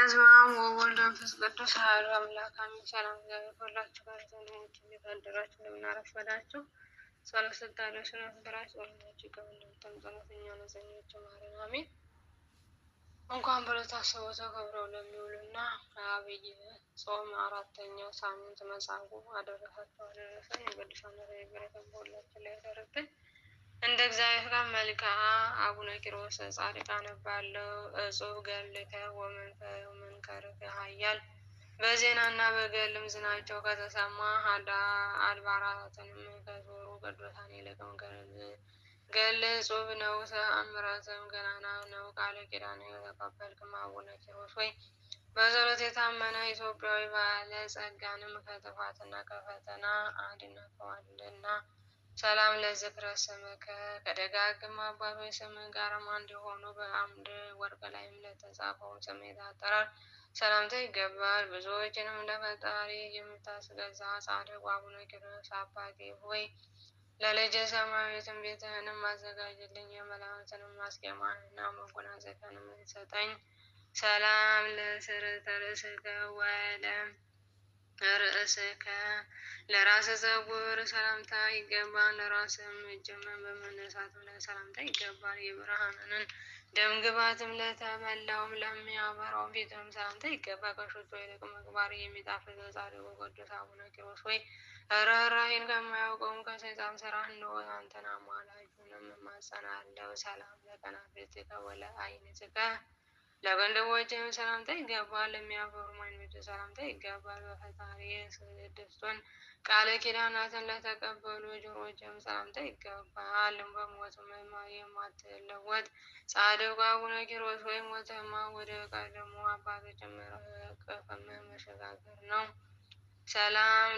በስመ አብ ወወልድ ወመንፈስ ቅዱስ አሐዱ አምላክ አሜን። ሰላም እግዚአብሔር ሁላችሁ ጋር ዘናዎች እየታደራችሁ እንደምናረፍ ወዳችሁ ጸሎት ስታደርጉ ስለነበራችሁ ጸሎታችሁ ከምንወጣም ጸሎተኛ ነዘኞች ማረን አሜን። እንኳን ብሎ ታስቦ ተከብረው ለሚውሉና ለአብይ ጾም አራተኛው ሳምንት መጻጉዕ አደረሳችሁ አደረሰን የቅዱሳን በረከት እንደ እግዚአብሔር ቃል መልክዓ አቡነ ኪሮስ ጻድቃን ባለው እጹብ ገልከ ወመንከርከ ኃያል በዜናና በገልም ዝናቸው ከተሰማ አድባራትንም ከዞሩ ቅዱሳን የለቀም ገድል እጹብ ነው። ተአምራትም ገናና ነው። ቃለ ኪዳን የተቀበልክም አቡነ ኪሮስ ወይ በጸሎት የታመነ ኢትዮጵያዊ ባለ ጸጋንም ከጥፋትና ከፈተና አድነኸዋልና ሰላም ለዝክረ ስምከ ከደጋግም አባቶች ስም ጋርም አንድ የሆኑ በአምድ ወርቅ ላይ ለተጻፈው ስሜት አጠራር ሰላምታ ይገባል። ብዙዎችንም ለፈጣሪ የምታስገዛ ጻድቁ አቡነ ኪሮስ አባቴ ሆይ ለልጅ ሰማያዊትን ቤትህንም አዘጋጅልኝ፣ የመላእክትንም ማስጌማንና መጎናጸፊያንም ሰጠኝ። ሰላም ለስርተ ርእስከ ወለም ርእስከ ለራሰ ዘጉር ሰላምታ ይገባል። ለራሰ ምጀመን በመነሳትም ላይ ሰላምታ ይገባል። የብርሃንንን ደም ግባትም ለተመላውም ለሚያበራው ፊትም ሰላምታ ይገባል። ከሽቶ ይልቅ ምግባር የሚጣፍጥ ጻድቁ ቅዱስ አቡነ ኪሮስ ወይ ርኅራኄን ከማያውቀውም ከሰይጣን ስራ እንደሆነ አንተን አማላጅንም እማጸናለሁ። ሰላም ለከናፍርትከ ወለዓይንትከ ለባልደረቦቼም ሰላምታ ይገባል። ለሚያፈሩ ማኞች ሰላምታ ይገባል። በፈጣሪ ስደስቶን ቃለ ኪዳናትን ለተቀበሉ ጆሮችም ሰላምታ ይገባል። በሞትም የማትለወጥ ጻድቁ አቡነ ኪሮስ ወይ ሞተማ ወደ ቀደሙ አባቶች መቀፈም መሸጋገር ነው። ሰላም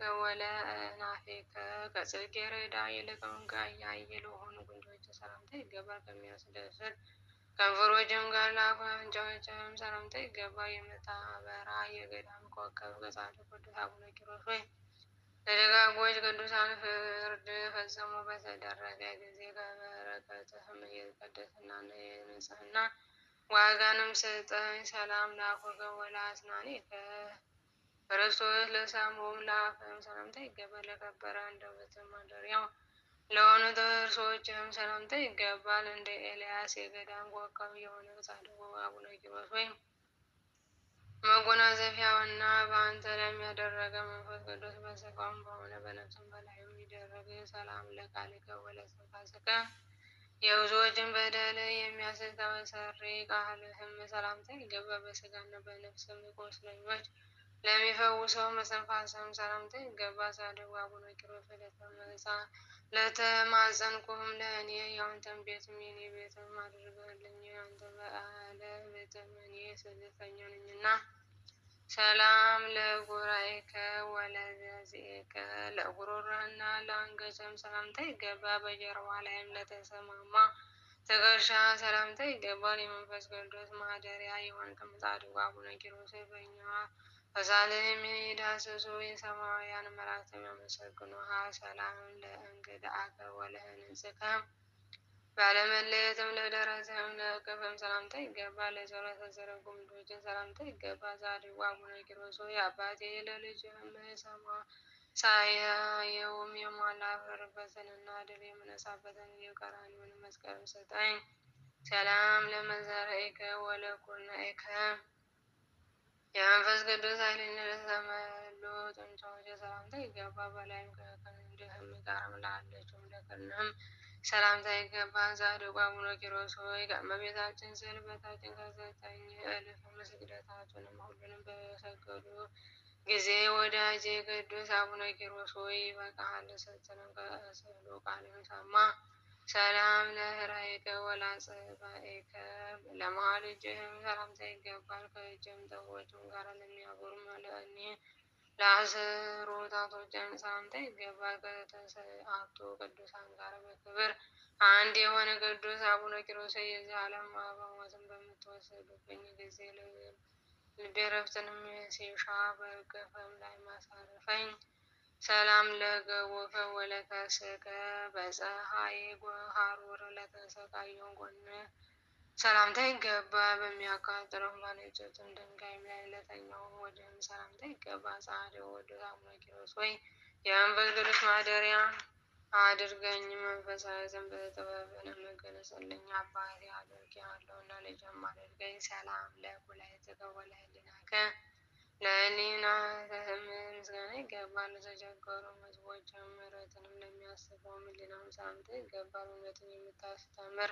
ከወለ ወለእናፌከ ከጽጌረዳ ይልቅ መንጋ ያየ ለሆኑ ጉንጆች ሰላምታ ይገባል። ከሚያስደስት ከንፈሮችም ጋር ላፈ አፍንጫዎችም ሰላምታ ይገባ የምታበራ የገዳም ኮከብ ከጻድቁ ቅዱስ አቡነ ኪሮስ ወይም ለደጋጎች ቅዱሳን ፍርድ ፈጽሞ በተደረገ ጊዜ ከበረከትህም የቅድስና የንጽህና ዋጋንም ስጠኝ። ሰላም ላኩከ ወላአስናኒ ክርስቶስ ለሳምሆም ላፈም ሰላምታ ይገባ ለከበረ እንደ አንደበትም ማደሪያው ለሆኑ ሰዎችም ሰላምታ ይገባል። እንደ ኤልያስ የገዳም ኮከብ የሆነ ጻድቁ አቡነ ኪሮስ ወይም መጎናዘፊያውና በአንተ ላይ ያደረገ መንፈስ ቅዱስ በስጋውም በሆነ በነፍሱም በላዩ የሚደረገ ሰላም ለቃልከ ወለስብሐትከ የብዙዎችን በደል የሚያስል ተመሰሪ ቃልህም ሰላምታ ይገባ በስጋና በነፍስም ቁስለኞች ለሚፈውሰው መሰንፋሰም ሰላምታ ይገባ ጻድቁ አቡነ ኪሮስ ለተመሳ ለተማፀንኩህም ለእኔ የአንተን ቤትም የኔ ቤትም አድርገልኝ። አንተ በአለ ቤትም እኔ ስደተኛ ነኝና። ሰላም ለጉራኤከ ወለገዜከ ለጉሮሮህና ለአንገትህም ሰላምታ ይገባ። በጀርባ ላይም ለተሰማማ ትከሻ ሰላምታ ይገባል። የመንፈስ ቅዱስ ማደሪያ የሆንክም ጻድቁ አቡነ ኪሮስ በእኛ በሳሌም የዳሰሱ የሰማያውያን መላእክት ያመሰግኑሃ ሰላም ለእንግድአከ ወለእንዝከም ባለመለየትም ለደረሰም ለክብም ሰላምታ ይገባ። ለጸሎተ ዘረጉ ምንዶችን ሰላምታ ይገባ። ዛሬዋ አቡነ ኪሮስ የአባቴ ለልጅህም ሰማ ሳያየውም የማላፍርበትንና ድል የምነሳበትን የቀራንዮውን መስቀል ስጠኝ። ሰላም ለመዘርዒከ ወለኩርናኢከ የመንፈስ ቅዱስ ኃይል ኃይልን የተመሉ ወደ ሰላምታ ይገባ በላይም ከእንዲህም ጋር ላለችው ለቅንም ሰላምታ ይገባ ጻድቁ አቡነ ኪሮስ ሆይ ከእመቤታችን ስዕል በታችን ከዘጠኝ እልፍ ስግደታቱንም ሁሉንም በሰገዱ ጊዜ ወዳጄ ቅዱስ አቡነ ኪሮስ ሆይ በቃል ስትንም ከስዕሉ ቃልም ሰማ ሰላም ለህራይከ ወላጸባኤከ ለመሃል እጅህም ሰላምታ ይገባል። ከእጅም ጠቦችም ጋር ለሚያጎሩ መለኒ ለአስሩ ጣቶችም ሰላምታ ይገባል። ከተሰአቱ ቅዱሳን ጋር በክብር አንድ የሆነ ቅዱስ አቡነ ኪሮስ የዚህ ዓለም አበሞትን በምትወሰዱብኝ ጊዜ ልቤ ረፍትንም ሲሻ በገፈም ላይ ማሳረፈኝ ሰላም ለገቦፈ ወለተስከ በፀሐይ ሐሩር ለተሰቃየው ጎነ ሰላምታ ይገባ። በሚያቃጥረው ባነጭትም ድንጋይ ላይ ለተኛው ወደም ሰላምታ ይገባ። ጸሐዴው ወደ ሳሙኪሮስ ወይ የመንፈስ ቅዱስ ማደሪያ አድርገኝ። መንፈሳዊ ዘን በተጠበበነ መገለጸልኝ አባቴ አድርጌ እና ልጅም አድርገኝ። ሰላም ለኩላይ ተቀበላይ ልናከ ለሕሊናህም ምስጋና ይገባል። ለተቸገሩ ሕዝቦች ምሕረትንም ለሚያስበው ሕሊና ሰላምታ ይገባል። እውነትን የምታስተምር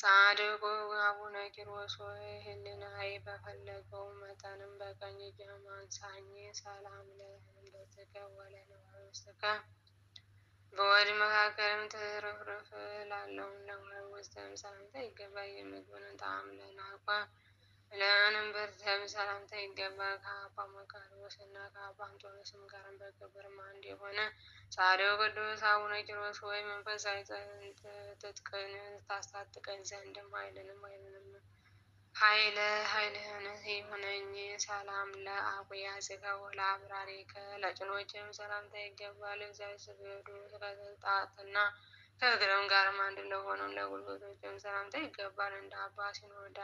ጻድቁ አቡነ ኪሮስ ሆይ ሕሊናዬ በፈለገው መጠንም በቀኝ እጅህ ሳኝ ሰላም ለእንደትከ ወለነፍስከ በወድ መካከልም ትርፍርፍ ላለውን ለማይ ውስጥም ሰላምታ ይገባል። የምግብን ጣዕም ለናቋ ለአንም በእግዚአብሔር ሰላምታ ይገባል። ከአባ መቃርዮስ እና ከአባ አንጦንስም ጋርም በክብርም አንድ የሆነ ጻድቁ ቅዱስ አቡነ ኪሮስ ወይ መንፈሳዊ ትጥቅን ታስታጥቀኝ ዘንድም ኃይልንም ኃይልንም ኃይለ ኃይልህን የሆነኝ ሰላም ለአቁያ ስጋ ወላ አብራሪ ከለጭኖችም ሰላምታ ይገባል። እግዚአብሔር ስግዱ ስለተጣትና ከእግረም ጋርም አንድ ለሆኑም ለጉልበቶችም ሰላምታ ይገባል። እንደ አባ ሲኖዳ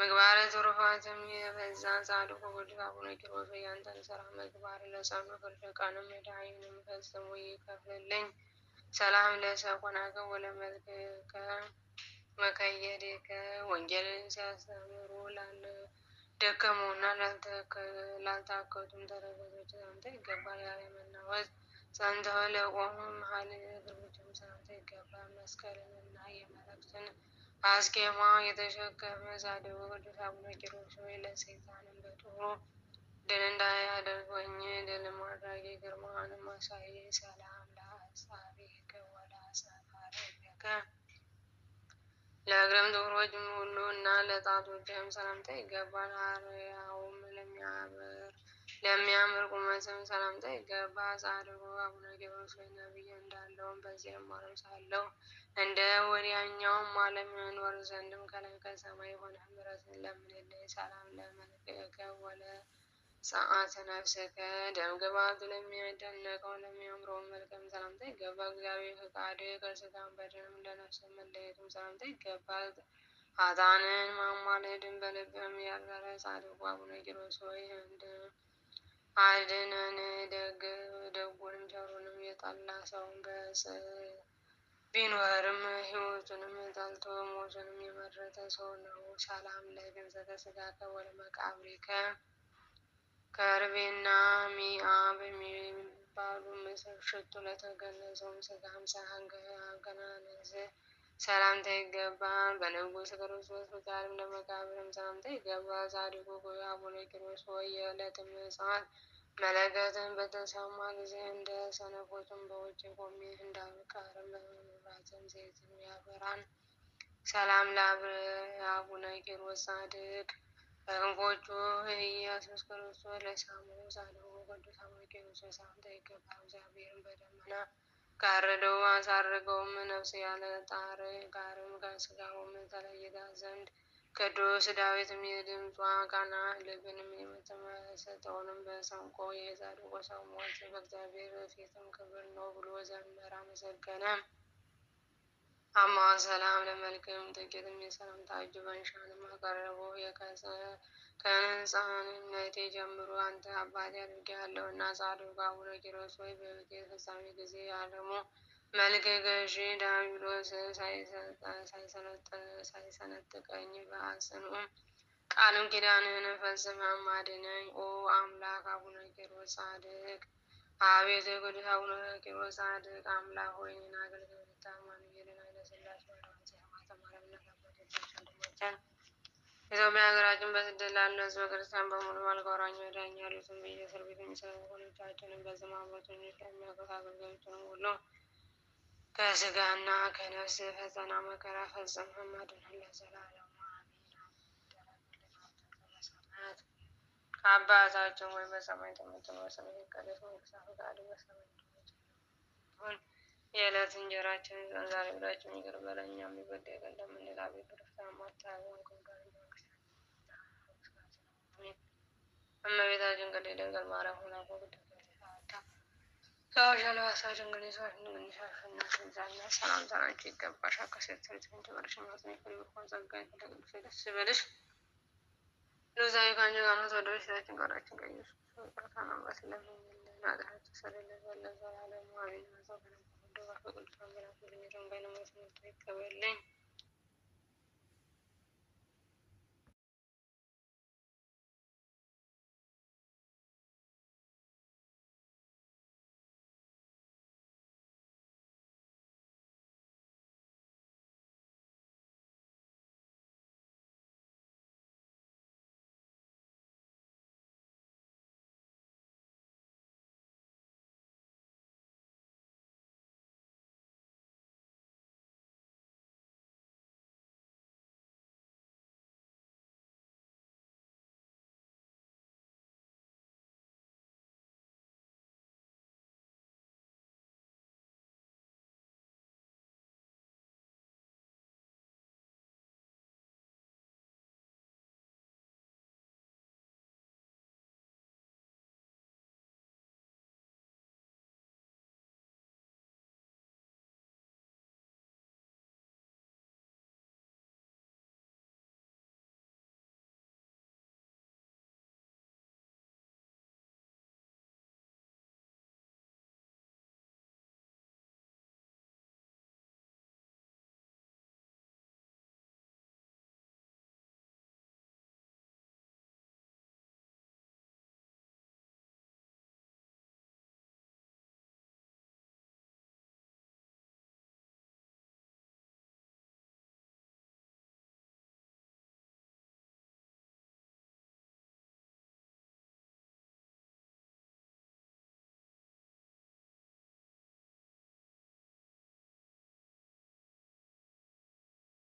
ምግባረ ትሩፋትም የበዛ ጻድቁ ቅዱስ አቡነ ኪሮስ ያንተን ስራ ምግባር ለጸኑ ፍርድ ቀንም መድኃኒንም ፈጽሞ ይከፍልልኝ። ሰላም ለሰኮናከ ወለመልከከ መከየድከ ወንጌልን ሲያስተምሩ ላለ ደከመውና ላልታከቱም ተረቶች ሰላምታ ይገባል። ያለ መናወዝ ጸንተው ለቆሙ መሀል እግሮችም ሰላምታ ይገባል። መስቀልንና የመረብትን አስኬማ የተሸከመ ጻድቁ ቅዱስ አቡነ ኪሮስ ሆይ ለሰይጣንም በጦሩ ድል እንዳያደርገኝ ድል ማድረግ ግርማህንም አሳይ። ሰላም ለአሳቢከ ወለአሳፋሪከ ለእግርም ጥፍሮችም ሁሉ እና ለጣቶችም ሰላምታ ይገባል። አርያውም ለሚያበር ለሚያምር ቁመትም ሰላምታ ይገባ ጻድቁ አቡነ ገብርኤል ሶይ ነቢይ እንዳለውም በዚህ ዓለም እንደ ወዲያኛውም ዓለም ይኖር ዘንድም ከላይ ከሰማይ የሆነ ምሕረትን ለምንልኝ ሰላም ለመልክከ ወለ ሰዓት ነፍስከ ደም ግባቱ ለሚያደነቀው ለሚያምረው መልከም ሰላምታ ይገባ። እግዚአብሔር ፈቃድ ከስጋን በደም ለነፍስ መለየትም ሰላምታ ይገባ። ኃጥአንን ማማለድን በልብም ያልበረ ጻድቁ አቡነ ገብርኤል ሶይ እንደ አድነን። ደግ ደጉንም ቸሩንም የጠላ ሰው ቢኖርም ህይወቱንም ጠልቶ ሞቱንም የመረጠ ሰው ነው። ሰላም ለገንዘበ ሥጋከ ወለመቃብሪከ ከርቤና ሚአ በሚባሉ ምስል ሽቱ ለተገነዘውም ሥጋም ሳህን ሰላምታ ይገባል። በንጉሥ ክርስቶስ ፍቃድም ለመቃብርም ሰላምታ ይገባል። ጻድቁ ጉባኤ አቡነ ኪሮስ ሆይ የዕለት ምጽአት መለከትን በተሰማ ጊዜ እንደ ሰነፎችም በውጭ ቆሜ እንዳልቀርም በመብራትም ዘይትም ያበራን። ሰላም አቡነ ኪሮስ ጻድቅ በክንፎቹ ኢየሱስ ክርስቶስ ለሳሙ ጻድቁ ቅዱስ አቡነ ኪሮስ ሰላምታ ይገባል። እግዚአብሔርን በደመና ጋረደው አሳረገውም ነፍስ ያለ ጣር ጋርም ከስጋውም ተለይታ ዘንድ ቅዱስ ዳዊት የድምጿ ቃና ልብንም የምትመሰጠውንም በሰንቆ የጻድቁ ሰው ሞት በእግዚአብሔር ፊትም ክብር ነው ብሎ ዘመረ፣ አመሰገነ። አማ ሰላም ለመልክም ጥቂትም የሰላምታ እጅ መንሻንም አቀረቡ የከሰ ከሕፃንነቴ ጀምሮ አንተ አባቴ አድርጌሃለሁ እና ጻድቁ አቡነ ኪሮስ ሆይ በቤቴ ፍጻሜ ጊዜ የዓለሙ መልክ ገዢ ዲያብሎስ ሳይሰነጥቀኝ በአጽንዑም ቃልም ኪዳንህን ፈጽም አማድነኝ። ኦ አምላክ አቡነ ኪሮስ ጻድቅ አቤት ቅዱስ አቡነ ኪሮስ ጻድቅ አምላክ ሆይ እኔን አገልግሎት ታማኝ የለና ለስላሴ ወደ ሀማተ ማለምነት አባቶቻችን ወንድሞቻችን ኢትዮጵያ ሀገራችን በስደት ላሉ ሕዝበ ክርስቲያን በሙሉ መልጋራኛ ዳኛ ያሉትን በየእስር ቤት የሚሰሩ ወገኖቻችንን በስመ አብ በቸርነቱ የሚያውቁት አገልጋዮችንም ሁሉ ከነፍስ ፈተና መከራ ፈጽመህም አድነን ለዘላለሙ አሜን። ከአባታችን ወይ በሰማይ የምትኖር ስምህ ይቀደስ፣ መንግሥትህ ፈቃድህ በሰማይ የዕለት እንጀራችንን ስጠን ዛሬ፣ በደላችንን ይቅር በለን እኛም የበደሉንን እንደምንል፣ እመቤታችን ቅድስት ድንግል ማርያም ሆና ሰዎች አልባሳ ድንግል ሰዎች ሰላምታ አንቺ ይገባሻል። ከሴት ልጅ ተመርሽ ደስ ይበልሽ። ሎዛዊ ከአንቺ ጋር ነው። ተወዳጆች ሴታችን ቃላችን ቀይስ ቃናንበት ለምንልና ኃጢአት ተሰለለ ለዘላለም አሜን። ዛፈነ ወደ ባፈ ቅዱሳን በላፍ የሚለውን በይነመት